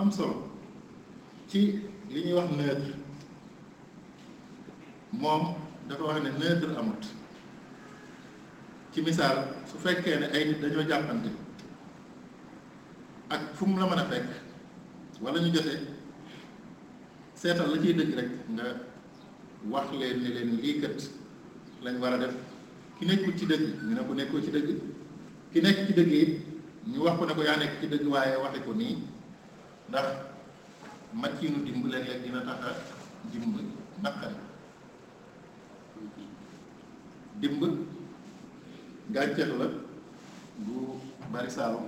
am solo ci li ñuy wax neutre moom dafa wax ne neutre amut ci misaal su fekkee ne ay nit dañoo jàppante ak fu mu la mën a fekk wala ñu joxe seetal la ciy dëgg rek nga wax leen ni leen lii kat lañ war a def ki nekkul ci dëgg ñu ne ko nekkoo ci dëgg ki nekk ci dëgg ñu wax ko ne ko yaa nekk ci dëgg waaye waxe ko nii ndax màccinu dimb léeg-léeg dina tax a dimb naqari dimb gàncax la bu bari saalum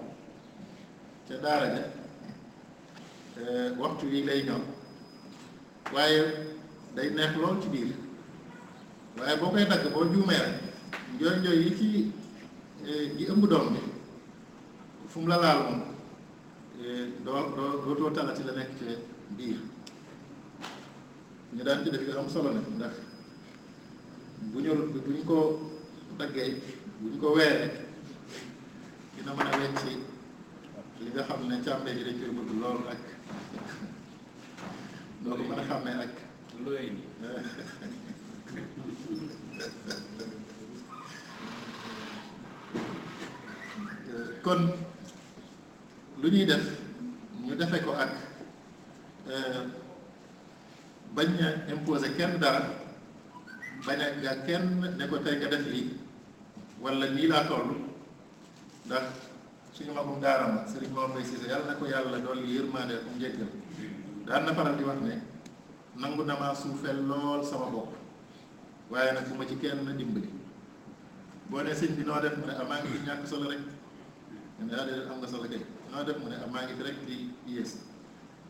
ca daara ja waxtu yi lay ñoom waaye day neex lool ci biir waaye boo koy dagg boo juumee rek njooy njooy yi ci eh, yi ëmb doom bi fu la laal moom Eh, doo doo dootoo talati la nekk ci biir ñu daan ci def yu am solo nag ndax bu ñorut bi bu ko daggee bu ñu ko weeree dina mën a wecci xam ne càmbee yi dañ koy bëgg lool ak doo ko mën a kon lu ñuy def ñu defe ko ak euh, bañ a imposer kenn dara bañ a nga kenn ne ko tey nga def lii wala nii laa toll ndax suñu magum daara ma Serigne Mor Mbaye Cissé yàlla na ko yàlla dolli yërmande ak njéggal daal na faral di wax ne nangu na maa suufeel lool sama bopp waaye nag bu ma ci kenn dimbali boo ne sëñ bi noo def mu ne amaa ah, ngi ñàkk solo rek ñu ne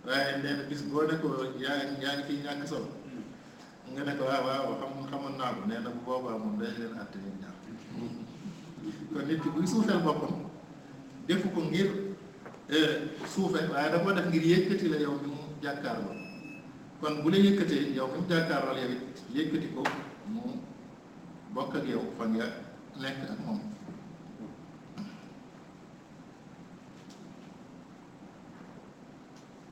ah ne na bis boo ne ko yaa ngi yaa ngi fiy nga ne naa nee na bu boobaa moom dañ leen àtte ñoom ñaar kon nit ki buy suufeel boppam defu ko ngir euh, suufe waaye da def ngir yëkkati la yow bi mu jàkkaarloo kon bu la yëkkatee yow bi jàkkaarloo yow yëkkati ko mu bokk ak yow fa nga nekk ak moom.